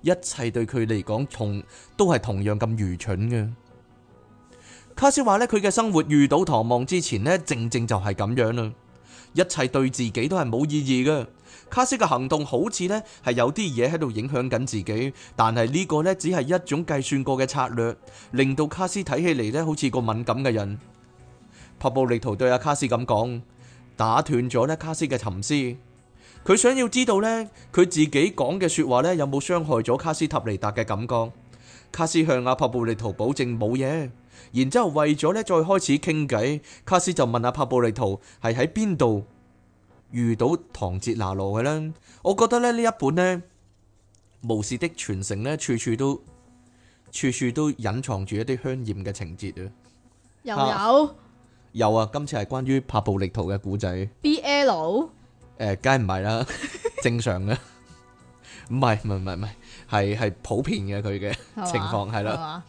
一切對佢嚟講同都係同樣咁愚蠢嘅。卡斯話咧，佢嘅生活遇到唐望之前咧，正正就係咁樣啦，一切對自己都係冇意義嘅。卡斯嘅行動好似咧係有啲嘢，喺度影響緊自己，但係呢個咧只係一種計算過嘅策略，令到卡斯睇起嚟，咧好似個敏感嘅人。帕布力圖對阿卡斯咁講，打斷咗咧卡斯嘅沉思。佢想要知道咧佢自己講嘅說話咧有冇傷害咗卡斯塔尼達嘅感覺。卡斯向阿帕布力圖保證冇嘢，然之後為咗咧再開始傾偈，卡斯就問阿帕布力圖係喺邊度。遇到唐哲拿羅嘅啦，我覺得呢呢一本呢《巫士的傳承》呢，處處都處處都隱藏住一啲香艷嘅情節啊！又有有啊，今次係關於帕布力圖嘅古仔。B L 誒，梗係唔係啦，正常嘅，唔係唔係唔係唔係，係係普遍嘅佢嘅情況係啦。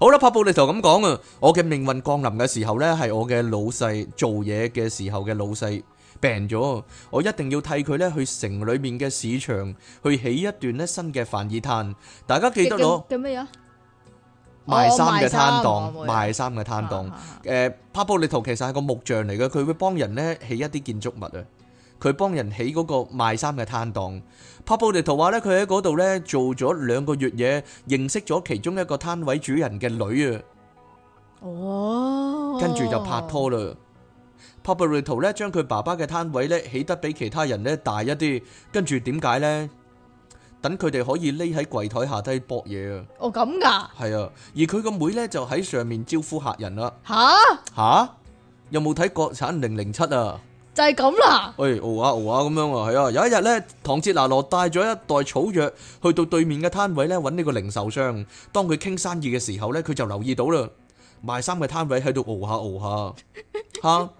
好啦，帕布力圖咁講啊，我嘅命運降臨嘅時候呢，係我嘅老細做嘢嘅時候嘅老細。病咗，我一定要替佢咧去城裏面嘅市場去起一段咧新嘅凡爾灘。大家記得咯，叫咩嘢？賣衫嘅攤檔，賣衫嘅攤檔。誒，帕布力圖其實係個木匠嚟嘅，佢會幫人咧起一啲建築物啊。佢幫人起嗰個賣衫嘅攤檔。帕布力圖話咧，佢喺嗰度咧做咗兩個月嘢，認識咗其中一個攤位主人嘅女啊。哦，跟住就拍拖啦。帕布力圖將佢爸爸嘅攤位咧起得比其他人咧大一啲，跟住點解呢？等佢哋可以匿喺櫃台下低博嘢啊！哦，咁噶？係啊，而佢個妹咧就喺上面招呼客人啦。吓吓哈，有冇睇國產零零七啊？就係咁啦。喂，熬下熬下咁樣啊？係、哎哦啊，哦啊，哦、啊，啊，有一日咧，唐哲拿羅帶咗一袋草藥去到對面嘅攤位咧，揾呢個零售商。當佢傾生意嘅時候咧，佢就留意到啦，賣衫嘅攤位喺度熬下熬下吓。哦啊哦啊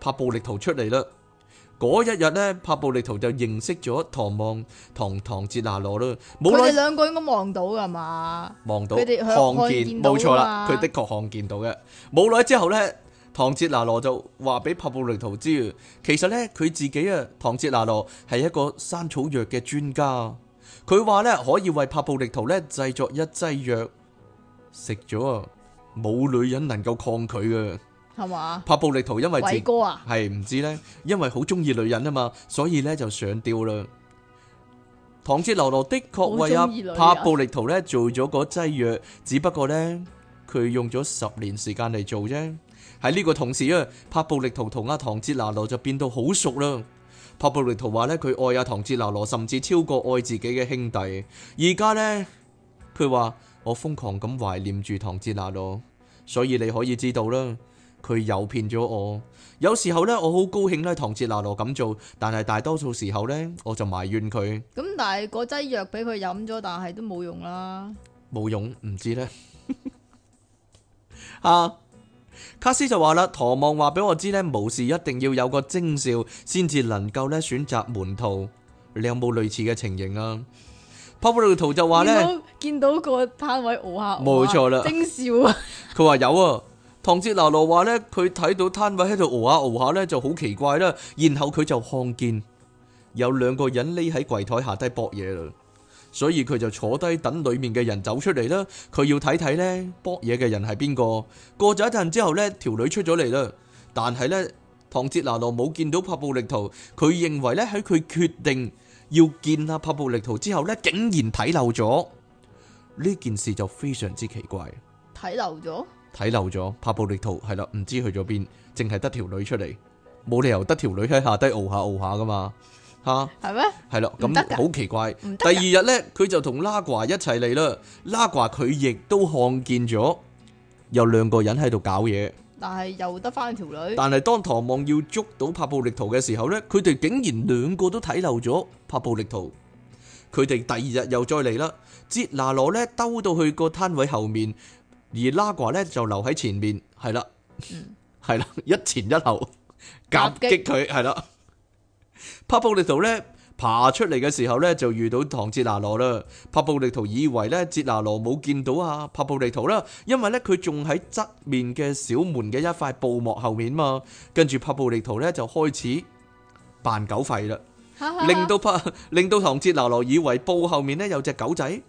帕布力圖出嚟啦！嗰一日咧，帕布力圖就認識咗唐望同唐哲拿羅啦。冇耐，佢哋兩個應該望到噶嘛？望到，看見，冇錯啦，佢的確看見到嘅。冇耐之後咧，唐哲拿羅就話俾帕布力圖知，其實咧佢自己啊，唐哲拿羅係一個山草藥嘅專家。佢話咧可以為帕布力圖咧製作一劑藥，食咗啊冇女人能夠抗拒嘅。係嘛？帕布力圖因為自係唔、啊、知呢，因為好中意女人啊嘛，所以呢，就上吊啦。唐哲娜羅，羅的確為阿帕布力圖呢做咗個劑藥，啊、只不過呢，佢用咗十年時間嚟做啫。喺呢個同時啊，帕布力圖同阿、啊、唐哲娜羅，羅就變到好熟啦。帕布力圖話呢，佢愛阿、啊、唐哲娜羅，甚至超過愛自己嘅兄弟。而家呢，佢話我瘋狂咁懷念住唐哲娜羅，所以你可以知道啦。佢誘騙咗我，有時候呢，我好高興咧唐哲娜羅咁做，但係大多數時候呢，我就埋怨佢。咁但係嗰劑藥俾佢飲咗，但係都冇用啦。冇用唔知呢。 啊，卡斯就話啦，唐望話俾我知呢，無事一定要有個徵兆，先至能夠呢選擇門徒。你有冇類似嘅情形啊？帕布力圖就話咧，見到，到個攤位傲下、下，冇錯啦，徵徵兆。啊！佢話有啊。唐哲拿羅話咧，佢睇到攤位喺度熬下熬下咧，就好奇怪啦。然後佢就看見有兩個人匿喺櫃台下低搏嘢啦，所以佢就坐低等裏面嘅人走出嚟啦。佢要睇睇咧，搏嘢嘅人係邊個？過咗一陣之後咧，條女出咗嚟啦。但係咧，唐哲拿羅冇見到帕布力圖，佢認為咧，喺佢決定要見下帕布力圖之後咧，竟然睇漏咗，呢件事就非常之奇怪。睇漏咗。睇漏咗帕布力圖係啦，唔知去咗邊，淨係得條女出嚟，冇理由得條女喺下低熬下熬下噶嘛吓？係咩？係啦，咁好奇怪。第二日咧，佢就同拉掛一齊嚟啦，拉掛佢亦都看見咗有兩個人喺度搞嘢，但係又得翻條女。但係當唐望要捉到帕布力圖嘅時候咧，佢哋竟然兩個都睇漏咗帕布力圖。佢哋第二日又再嚟啦，捷拿羅咧兜到去個攤位後面。而拉瓜咧就留喺前面，係啦，係啦、嗯， 一前一後夾擊佢，係 啦激。 帕布力圖咧爬出嚟嘅時候咧，就遇到唐哲拿羅啦。帕布力圖以為咧，哲拿羅冇見到啊。帕布力圖啦，因為咧佢仲喺側面嘅小門嘅一塊布幕後面嘛。跟住帕布力圖咧就開始扮狗吠啦 令到帕令到唐哲拿羅以為布後面咧有隻狗仔。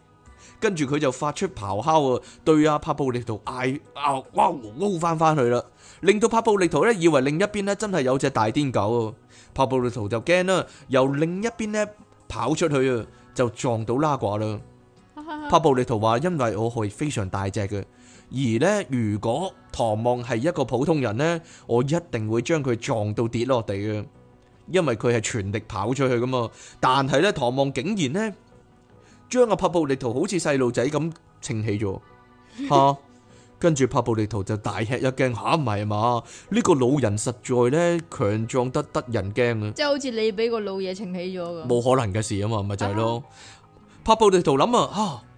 跟住佢就發出咆哮啊！對阿、啊、帕布力圖嗌：啊、呃，哇、呃，撈翻翻去啦！令到帕布力圖咧以為另一邊咧真係有隻大癲狗啊！帕布力圖就驚啦，由另一邊咧跑出去啊，就撞到拉掛啦！ 帕布力圖話：因為我係非常大隻嘅，而呢如果唐望係一個普通人呢，我一定會將佢撞到跌落地嘅，因為佢係全力跑出去噶嘛。但係咧唐望竟然呢。將阿帕布力圖好似細路仔咁撐起咗吓、 啊，跟住帕布力圖就大吃一驚吓，唔係嘛？呢、這個老人實在咧強壯得得人驚啊！即係好似你俾個老嘢撐起咗噶，冇可能嘅事啊嘛，咪就係咯。帕布力圖諗啊吓。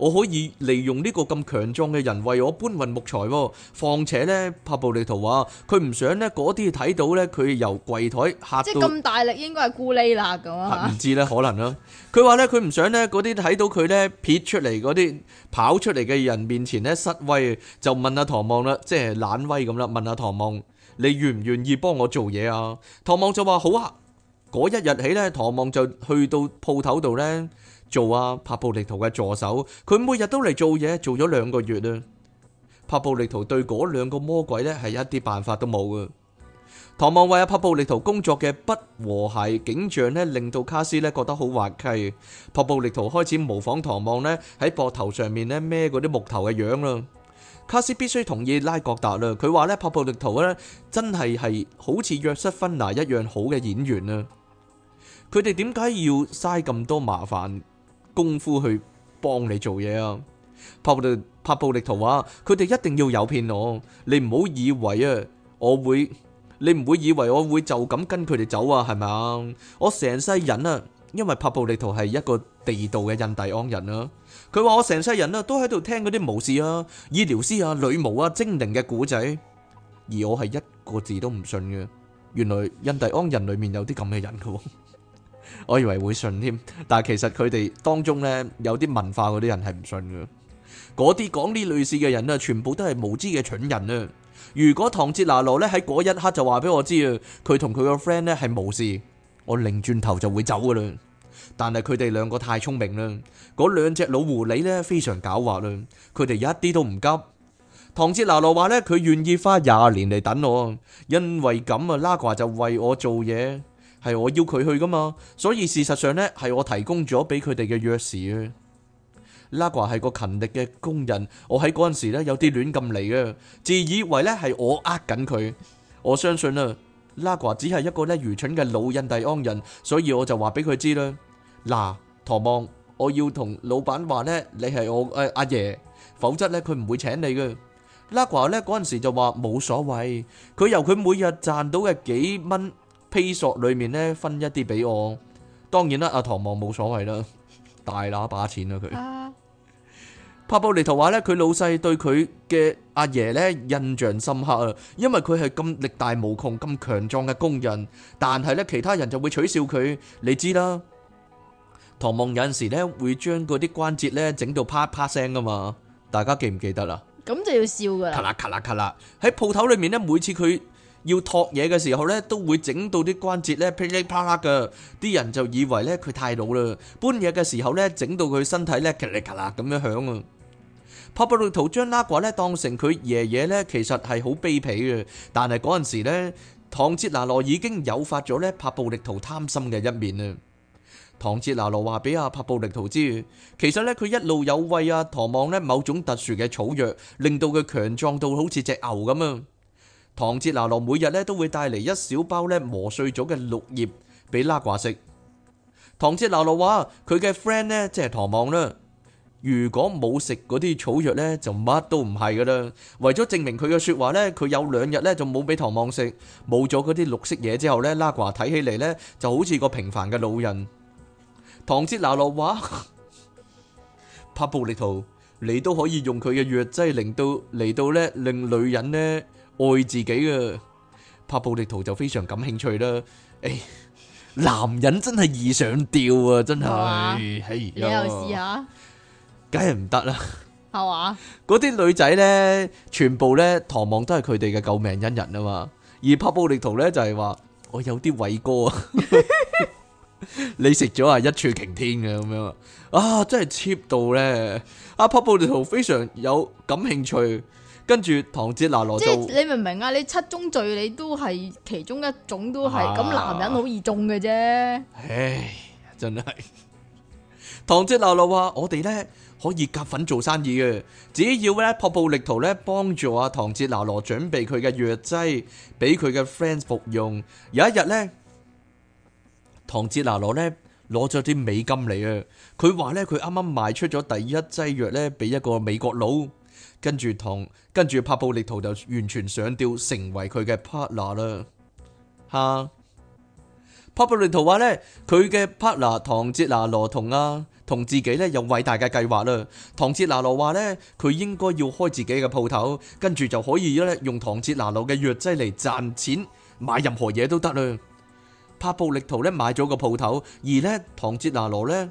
我可以利用呢個咁強壯嘅人為我搬運木材喎，況且呢，帕布力圖話佢唔想呢嗰啲睇到呢，佢由櫃台嚇到，即咁大力，應該係孤力啦咁啊？唔知呢可能啦。佢話呢，佢唔想呢嗰啲睇到佢呢撇出嚟嗰啲跑出嚟嘅人面前呢失威，就問阿、啊、唐望啦，即係懶威咁啦。問阿、啊、唐望，你願唔願意幫我做嘢啊？唐望就話好啊。嗰一日起呢，唐望就去到鋪頭度呢。做啊，帕布力圖嘅助手，佢每日都嚟做嘢，做咗兩個月啦。帕布力圖對嗰兩個魔鬼咧，係一啲辦法都冇啊。唐望為阿帕布力圖工作嘅不和諧景象咧，令到卡斯咧覺得好滑稽。帕布力圖開始模仿唐望咧喺膊頭上面咧孭嗰啲木頭嘅樣啦。卡斯必須同意拉國達啦，佢話咧帕布力圖咧真係係好似約瑟芬娜一樣好嘅演員啊。佢哋點解要嘥咁多麻煩功夫去幫你做嘢啊！帕布、帕布力圖話，佢哋一定要誘騙我，你唔好以為啊，我會，你唔會以為我會就咁跟佢哋走啊？係咪啊？我成世人啊，因為帕布力圖係一個地道嘅印第安人啊。佢話我成世人啊，都喺度聽嗰啲巫師啊、醫療師啊、女巫啊、精靈嘅古仔，而我係一個字都唔信嘅。原來印第安人裏面有啲咁嘅人噶。我以為會信添，但係其實佢哋當中呢，有啲文化嗰啲人係唔信嘅，嗰啲講呢類似嘅人啊，全部都係無知嘅蠢人啊！如果唐哲拿羅呢喺嗰一刻就話俾我知啊，佢同佢個 friend 呢係無事，我擰轉頭就會走㗎喇。但係佢哋兩個太聰明啦，嗰兩隻老狐狸呢非常狡猾啦，佢哋一啲都唔急。唐哲拿羅話呢，佢願意花廿年嚟等我，因為咁啊，拉瓜就為我做嘢。係我要佢去噶嘛，所以事實上咧，係我提供咗俾佢哋嘅鑰匙啊。拉瓜係個勤力嘅工人，我喺嗰陣時咧，有啲亂咁嚟啊，自以為咧，係我呃緊佢。我相信啊，拉瓜只係一個咧，愚蠢嘅老印第安人，所以我就話俾佢知啦。嗱，唐望，我要同老闆話咧，你係我誒阿爺，否則咧，佢唔會請你嘅。拉瓜咧嗰陣時就話冇所謂，佢由佢每日賺到嘅幾蚊批索裏面咧分一啲俾我，當然啦，阿唐望冇所謂啦，大拿把錢啦佢。帕布力圖話咧，佢老細對佢嘅阿爺咧印象深刻啊，因為佢係咁力大無窮、咁強壯嘅工人，但係咧其他人就會取笑佢，你知啦。唐望有陣時咧會將嗰啲關節咧整到啪啪聲噶嘛，大家記唔記得啦？咁就要笑噶。咔啦咔啦咔啦，喺鋪頭裏面咧，每次佢，要托嘢嘅時候咧，都會整到啲關節呢噼哩啪啦嘅。啲人就以為呢，佢太老啦，搬嘢嘅時候呢，整到佢身體呢，咔哩咔啦咁樣響啊。帕布力圖將拉瓜呢當成佢爺爺呢，其實係好卑鄙嘅。但係嗰陣時咧，唐哲拿羅已經誘發咗呢帕布力圖貪心嘅一面啊。唐哲拿羅話俾阿帕布力圖知，其實呢，佢一路有餵阿唐望呢某種特殊嘅草藥，令到佢強壯到好似隻牛咁啊。唐傑拿羅每日咧都會帶嚟，一小包咧磨碎，咗嘅綠葉俾拉瓜食。唐傑拿羅話：佢嘅 friend 咧即係唐望啦。如果冇食嗰啲草藥咧，就乜都唔係噶啦。為咗證明佢嘅說話咧，佢有兩日咧就冇俾唐望食，冇咗嗰啲綠色嘢之後咧，拉瓜睇起嚟咧就好似個平凡嘅老人。唐傑拿羅話：帕布力圖，你都可以用佢嘅藥劑，真係令到嚟到咧令女人咧。愛自己嘅帕布力圖就非常感興趣啦！誒、哎，男人真係易上吊啊，真係、哎，你又試下，梗係唔得啦，係嘛、啊？嗰啲女仔咧，全部咧，唐望都係佢哋嘅救命恩人啊嘛。而帕布力圖咧，就係、是、話我有啲偉哥啊，你食咗啊，一柱擎天嘅咁樣啊，真係 cheap 到咧啊！帕布力圖非常有感興趣。跟住唐哲娜羅都，即你明唔明啊？你七宗罪你都係其中一種都，都係咁，男人好易中嘅啫。唉，真係。唐哲娜羅話：我哋呢可以夾份做生意嘅，只要呢，帕布力圖呢，幫助阿唐哲娜羅準備佢嘅藥劑，俾佢嘅 friends 服用。有一日呢，唐哲娜羅呢，攞咗啲美金嚟啊！佢話呢，佢啱啱賣出咗第一劑藥呢，俾一個美國佬。跟住同跟住帕布力圖就完全上吊成為佢嘅 partner 啦吓。帕布力圖話呢，佢嘅 partner 唐哲拿羅同啊同自己呢有偉大嘅計劃啦。唐哲拿羅話呢，佢應該要開自己嘅鋪頭，跟住就可以咧用唐哲拿羅嘅藥劑嚟賺錢買任何嘢都得啦。帕布力圖呢買咗個鋪頭，而呢唐哲拿羅呢，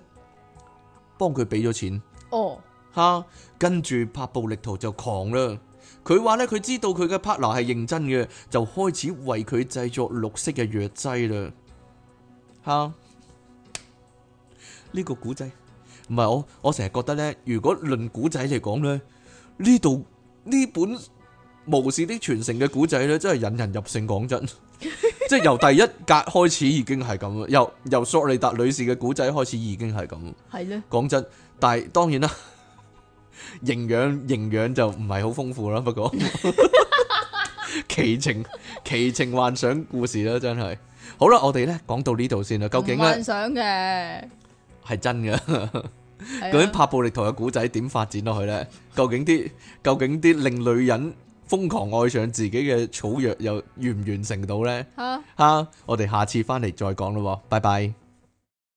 幫佢俾咗錢。哦。啊！跟住帕布力圖就狂啦。佢話咧，佢知道佢嘅 partner 係認真嘅，就開始為佢製作綠色嘅藥劑啦。吓、啊，呢、這個古仔唔係我，我成日覺得咧，如果論古仔嚟講咧，呢度呢本《巫士的傳承》嘅古仔咧，真係引人入勝。講真，即係由第一格開始已經係咁，由由索利達女士嘅古仔開始已經係咁。係咧的，講真，但係當然啦。營養營養就唔係好豐富啦，不過 奇情奇情幻想故事啦，真係好啦，我哋咧講到呢度先啦，究竟幻想嘅係竟真嘅，的究竟帕布力圖嘅古仔點發展落去呢？究竟啲究竟啲令女人瘋狂愛上自己嘅草藥又完唔完成到呢？吓哈、啊、我哋下次翻嚟再講咯，拜拜。